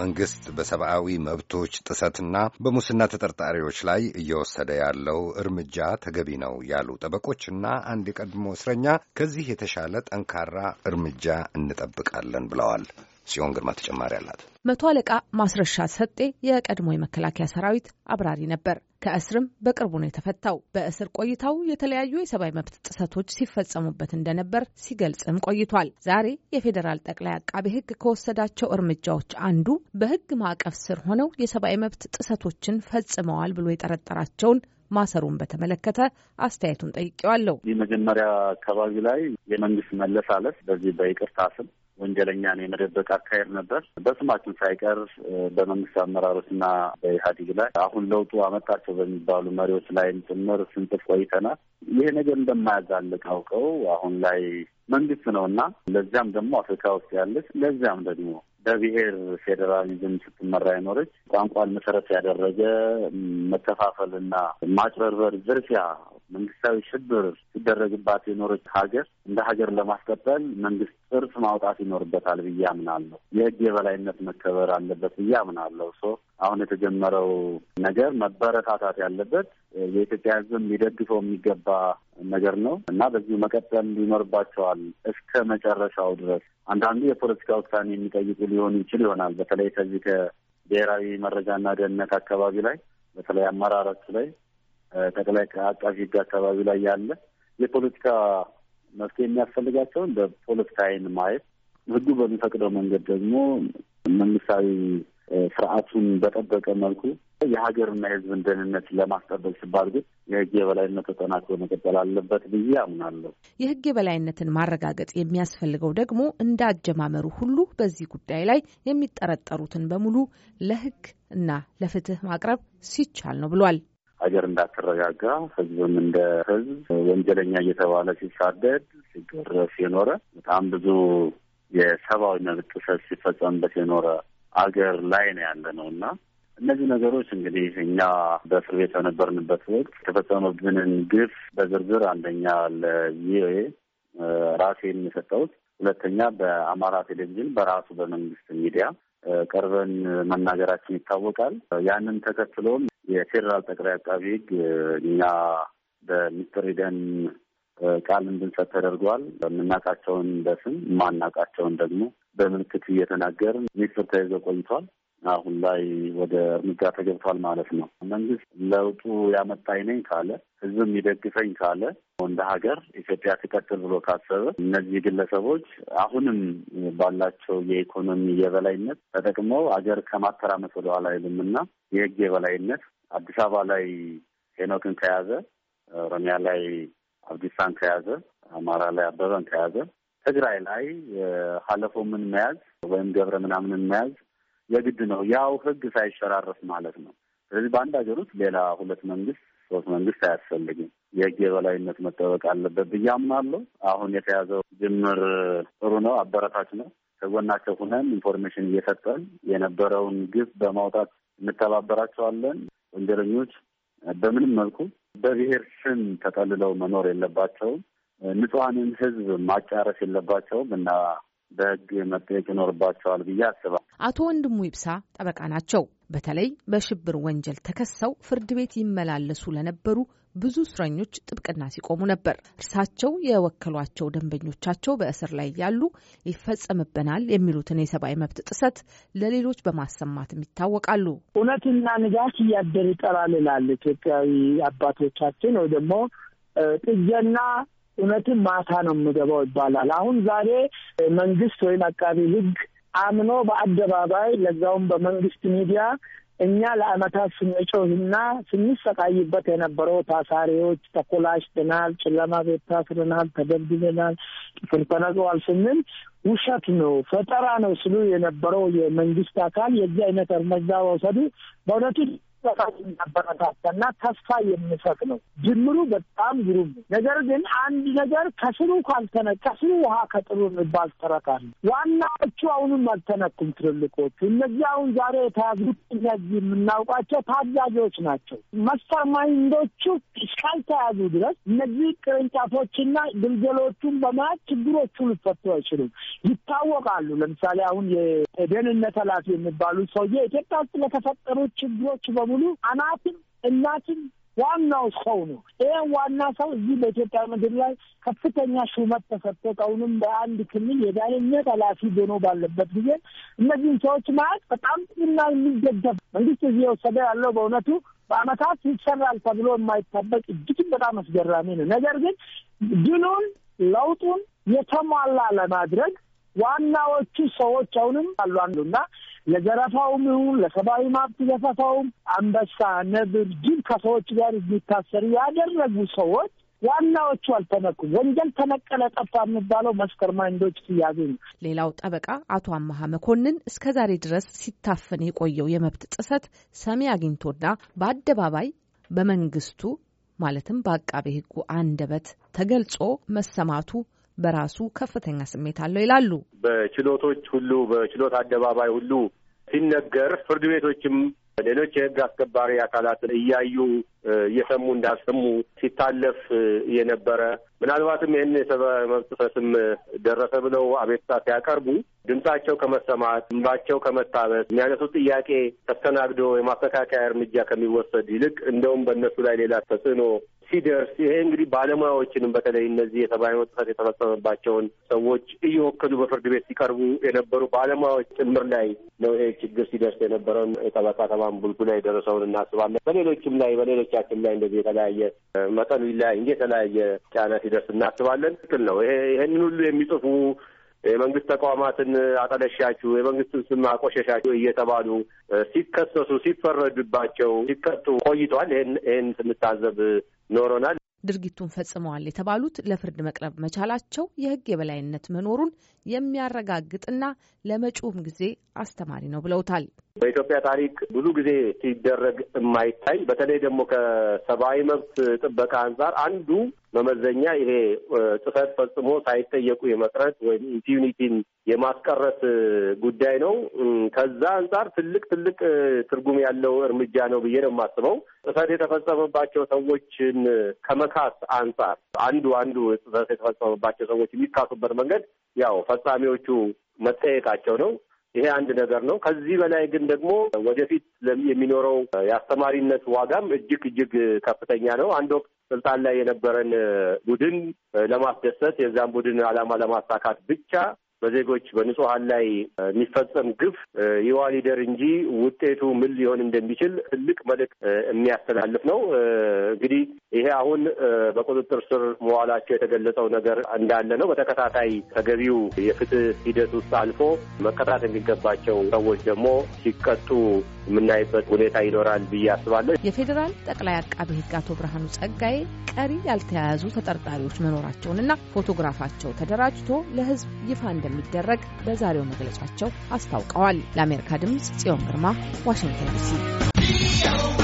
መንግስት በሰብአዊ መብቶች ጥሰትና በሙስና ተጠርጣሪዎች ላይ እየወሰደ ያለው እርምጃ ተገቢ ነው ያሉ ጠበቆችና አንድ የቀድሞ እስረኛ ከዚህ የተሻለ ጠንካራ እርምጃ እንጠብቃለን ብለዋል። ሲሆን ግርማ ተጨማሪ አላት። መቶ አለቃ ማስረሻ ሰጤ የቀድሞ የመከላከያ ሰራዊት አብራሪ ነበር። ከእስርም በቅርቡ ነው የተፈታው። በእስር ቆይታው የተለያዩ የሰብአዊ መብት ጥሰቶች ሲፈጸሙበት እንደነበር ሲገልጽም ቆይቷል። ዛሬ የፌዴራል ጠቅላይ አቃቤ ሕግ ከወሰዳቸው እርምጃዎች አንዱ በሕግ ማዕቀፍ ስር ሆነው የሰብአዊ መብት ጥሰቶችን ፈጽመዋል ብሎ የጠረጠራቸውን ማሰሩን በተመለከተ አስተያየቱን ጠይቄዋለሁ። ይህ መጀመሪያ አካባቢ ላይ የመንግስት መለሳለስ በዚህ በይቅርታ ስም ወንጀለኛን የመደበቅ አካሄድ ነበር። በስማችን ሳይቀር በመንግስት አመራሮች እና በኢህአዴግ ላይ አሁን ለውጡ አመጣቸው በሚባሉ መሪዎች ላይም ጭምር ስንጥፍ ቆይተናል። ይሄ ነገር እንደማያዛልቅ አውቀው አሁን ላይ መንግስት ነው እና ለዚያም ደግሞ አፍሪካ ውስጥ ያለች ለዚያም ደግሞ በብሔር ፌዴራሊዝም ስትመራ የኖረች ቋንቋን መሰረት ያደረገ መከፋፈልና ማጭበርበር፣ ዝርፊያ መንግስታዊ ሽብር ሲደረግባት የኖረች ሀገር እንደ ሀገር ለማስቀጠል መንግስት ጥርስ ማውጣት ይኖርበታል ብዬ አምናለሁ። የህግ የበላይነት መከበር አለበት ብዬ አምናለሁ። ሶ አሁን የተጀመረው ነገር መበረታታት ያለበት የኢትዮጵያ ህዝብም ሊደግፈው የሚገባ ነገር ነው እና በዚሁ መቀጠል ይኖርባቸዋል እስከ መጨረሻው ድረስ። አንዳንዱ የፖለቲካ ውሳኔ የሚጠይቁ ሊሆኑ ይችል ይሆናል። በተለይ ከዚህ ከብሔራዊ መረጃና ደህንነት አካባቢ ላይ በተለይ አመራረቱ ላይ ጠቅላይ አቃቢ ሕግ አካባቢ ላይ ያለ የፖለቲካ መፍትሄ የሚያስፈልጋቸውን በፖለቲካ አይን ማየት ህጉ በሚፈቅደው መንገድ ደግሞ መንግስታዊ ስርዓቱን በጠበቀ መልኩ የሀገርና የሕዝብን ደህንነት ለማስጠበቅ ሲባል ግን የህግ የበላይነት ተጠናክሮ መቀጠል አለበት ብዬ አምናለሁ። የህግ የበላይነትን ማረጋገጥ የሚያስፈልገው ደግሞ እንደ አጀማመሩ ሁሉ በዚህ ጉዳይ ላይ የሚጠረጠሩትን በሙሉ ለህግ እና ለፍትህ ማቅረብ ሲቻል ነው ብሏል። ሀገር እንዳትረጋጋ ህዝብም እንደ ህዝብ ወንጀለኛ እየተባለ ሲሳደድ ሲገረፍ የኖረ በጣም ብዙ የሰብአዊ መብት ጥሰት ሲፈጸምበት የኖረ አገር ላይ ነው ያለ ነው እና እነዚህ ነገሮች እንግዲህ እኛ በእስር ቤት በነበርንበት ወቅት የተፈጸመብንን ግፍ በዝርዝር አንደኛ ለቪኦኤ ራሴ የሚሰጠውት፣ ሁለተኛ በአማራ ቴሌቪዥን በራሱ በመንግስት ሚዲያ ቀርበን መናገራችን ይታወቃል። ያንን ተከትሎም የፌዴራል ጠቅላይ አቃቢ ህግ እኛ በሚስትር ሂደን ቃል እንድንሰጥ ተደርጓል። የምናውቃቸውን በስም የማናውቃቸውን ደግሞ በምልክት እየተናገርን ሚስጥር ተይዞ ቆይቷል። አሁን ላይ ወደ እርምጃ ተገብቷል ማለት ነው። መንግስት ለውጡ ያመጣኝ ነኝ ካለ ህዝብም ይደግፈኝ ካለ እንደ ሀገር ኢትዮጵያ ትቀጥል ብሎ ካሰበ እነዚህ ግለሰቦች አሁንም ባላቸው የኢኮኖሚ የበላይነት ተጠቅመው ሀገር ከማተራመስ ወደኋላ አይሉም እና የህግ የበላይነት አዲስ አበባ ላይ ሄኖክን ከያዘ፣ ኦሮሚያ ላይ አብዲሳን ከያዘ፣ አማራ ላይ አበበን ከያዘ፣ ትግራይ ላይ ሀለፎ ምን መያዝ ወይም ገብረ ምናምንን መያዝ የግድ ነው። ያው ህግ ሳይሸራረፍ ማለት ነው። ስለዚህ በአንድ ሀገር ውስጥ ሌላ ሁለት መንግስት ሶስት መንግስት አያስፈልግም። የህግ የበላይነት መጠበቅ አለበት ብዬ አምናለሁ። አሁን የተያዘው ጅምር ጥሩ ነው፣ አበረታች ነው። ከጎናቸው ሁነን ኢንፎርሜሽን እየሰጠን የነበረውን ግብ በማውጣት እንተባበራቸዋለን። ወንጀለኞች በምንም መልኩ በብሔር ስም ተጠልለው መኖር የለባቸውም። ንጹሐንን ህዝብ ማጫረስ የለባቸውም እና በህግ መጠየቅ ይኖርባቸዋል ብዬ አስባል። አቶ ወንድሙ ይብሳ ጠበቃ ናቸው። በተለይ በሽብር ወንጀል ተከሰው ፍርድ ቤት ይመላለሱ ለነበሩ ብዙ እስረኞች ጥብቅና ሲቆሙ ነበር። እርሳቸው የወከሏቸው ደንበኞቻቸው በእስር ላይ ያሉ ይፈጸምብናል የሚሉትን የሰብአዊ መብት ጥሰት ለሌሎች በማሰማትም ይታወቃሉ። እውነትና ንጋት እያደር ይጠራል ይላል ኢትዮጵያዊ አባቶቻችን። ወይ ደግሞ ጥጀና እውነትን ማታ ነው የምገባው ይባላል። አሁን ዛሬ መንግስት ወይም አቃቢ ህግ አምኖ በአደባባይ ለዛውም በመንግስት ሚዲያ እኛ ለአመታት ስንጮህና ስንሰቃይበት የነበረው ታሳሪዎች ተኮላሽተናል፣ ጨለማ ቤት ታስረናል፣ ተደብድበናል፣ ጥፍር ተነቅሏል ስንል ውሸት ነው፣ ፈጠራ ነው ስሉ የነበረው የመንግስት አካል የዚህ አይነት እርምጃ መውሰዱ በእውነቱ በጣም እና ተስፋ የሚሰጥ ነው። ጅምሩ በጣም ግሩም ነው። ነገር ግን አንድ ነገር ከስሩ ካልተነ ከስሩ ውሃ ከጥሩ የሚባል ተረካል ዋናዎቹ አሁንም አልተነኩም። ትልልቆቹ እነዚህ አሁን ዛሬ የተያዙት እነዚህ የምናውቋቸው ታዛዦች ናቸው። መስተርማይንዶቹ ማይንዶቹ እስካልተያዙ ድረስ እነዚህ ቅርንጫፎችና ግልገሎቹን በመያዝ ችግሮቹ ሊፈቱ አይችሉም። ይታወቃሉ። ለምሳሌ አሁን የደህንነት ኃላፊ የሚባሉ ሰውዬ ኢትዮጵያ ውስጥ ለተፈጠሩ ችግሮች በ በሙሉ አናትም እናትም ዋናው ሰው ነው። ይህ ዋና ሰው እዚህ በኢትዮጵያ ምድር ላይ ከፍተኛ ሹመት ተሰጥቶት አሁንም በአንድ ክልል የዳኝነት ኃላፊ ሆኖ ባለበት ጊዜ እነዚህን ሰዎች ማለት በጣም ጥቅምና የሚደገፍ መንግስት እዚህ የወሰደ ያለው በእውነቱ በአመታት ይሰራል ተብሎ የማይጠበቅ እጅግም በጣም አስገራሚ ነው። ነገር ግን ድሉን ለውጡን የተሟላ ለማድረግ ዋናዎቹ ሰዎች አሁንም አሉ እና ለዘረፋውም ይሁን ለሰብአዊ መብት ዘፈፋውም አንበሳ፣ ነብር፣ ጅብ ከሰዎች ጋር የሚታሰሩ ያደረጉ ሰዎች ዋናዎቹ አልተነኩም። ወንጀል ተነቀለ ጠፋ የሚባለው መስከር ማይንዶች ሲያዙ ነው። ሌላው ጠበቃ አቶ አመሀ መኮንን እስከ ዛሬ ድረስ ሲታፈን የቆየው የመብት ጥሰት ሰሚ አግኝቶና በአደባባይ በመንግስቱ ማለትም በአቃቤ ሕጉ አንደበት ተገልጾ መሰማቱ በራሱ ከፍተኛ ስሜት አለው ይላሉ። በችሎቶች ሁሉ በችሎት አደባባይ ሁሉ ሲነገር ፍርድ ቤቶችም ሌሎች የህግ አስከባሪ አካላትን እያዩ እየሰሙ እንዳልሰሙ ሲታለፍ የነበረ ምናልባትም ይህን የሰብአዊ መብት ጥሰትም ደረሰ ብለው አቤቱታ ሲያቀርቡ ድምጻቸው ከመሰማት እንባቸው ከመታበስ የሚያነሱት ጥያቄ ተስተናግዶ የማስተካከያ እርምጃ ከሚወሰድ ይልቅ እንደውም በእነሱ ላይ ሌላ ተጽዕኖ ሲደርስ ይሄ እንግዲህ ባለሙያዎችንም በተለይ እነዚህ የሰብአዊ ጥሰት የተፈጸመባቸውን ሰዎች እየወከሉ በፍርድ ቤት ሲቀርቡ የነበሩ ባለሙያዎች ጭምር ላይ ነው ይሄ ችግር ሲደርስ የነበረውን የጠበቃ ተማም ቡልጉ ላይ የደረሰውን እናስባለን። በሌሎችም ላይ በሌሎቻችን ላይ እንደዚህ የተለያየ መጠኑ ላይ እንጂ የተለያየ ጫና ሲደርስ እናስባለን። ትክክል ነው። ይሄ ይህንን ሁሉ የሚጽፉ የመንግስት ተቋማትን አጠለሻችሁ፣ የመንግስትን ስም አቆሸሻችሁ እየተባሉ ሲከሰሱ ሲፈረድባቸው ሲቀጡ ቆይቷል ይህን ስንታዘብ ኖሮናል። ድርጊቱን ፈጽመዋል የተባሉት ለፍርድ መቅረብ መቻላቸው የህግ የበላይነት መኖሩን የሚያረጋግጥና ለመጪውም ጊዜ አስተማሪ ነው ብለውታል። በኢትዮጵያ ታሪክ ብዙ ጊዜ ሲደረግ የማይታይ በተለይ ደግሞ ከሰብአዊ መብት ጥበቃ አንጻር አንዱ መመዘኛ ይሄ ጥሰት ፈጽሞ ሳይጠየቁ የመቅረት ወይም ኢምፒዩኒቲን የማስቀረት ጉዳይ ነው። ከዛ አንጻር ትልቅ ትልቅ ትርጉም ያለው እርምጃ ነው ብዬ ነው የማስበው። ጥሰት የተፈጸመባቸው ሰዎችን ከመካስ አንጻር አንዱ አንዱ ጥሰት የተፈጸመባቸው ሰዎች የሚካሱበት መንገድ ያው ፈጻሚዎቹ መጠየቃቸው ነው። ይሄ አንድ ነገር ነው። ከዚህ በላይ ግን ደግሞ ወደፊት የሚኖረው የአስተማሪነት ዋጋም እጅግ እጅግ ከፍተኛ ነው። አንድ ወቅት ስልጣን ላይ የነበረን ቡድን ለማስደሰት የዛን ቡድን ዓላማ ለማሳካት ብቻ በዜጎች በንጹሀን ላይ የሚፈጸም ግፍ ይዋ ሊደር እንጂ ውጤቱ ምን ሊሆን እንደሚችል ትልቅ መልእክት የሚያስተላልፍ ነው። እንግዲህ ይሄ አሁን በቁጥጥር ስር መዋላቸው የተገለጸው ነገር እንዳለ ነው። በተከታታይ ተገቢው የፍትህ ሂደት ውስጥ አልፎ መቀጣት የሚገባቸው ሰዎች ደግሞ ሲቀጡ የምናይበት ሁኔታ ይኖራል ብዬ አስባለሁ። የፌዴራል ጠቅላይ አቃቢ ህግ አቶ ብርሃኑ ጸጋዬ ቀሪ ያልተያያዙ ተጠርጣሪዎች መኖራቸውንና ፎቶግራፋቸው ተደራጅቶ ለህዝብ ይፋ እንደ እንደሚደረግ በዛሬው መግለጫቸው አስታውቀዋል። ለአሜሪካ ድምፅ ጽዮን ግርማ ዋሽንግተን ዲሲ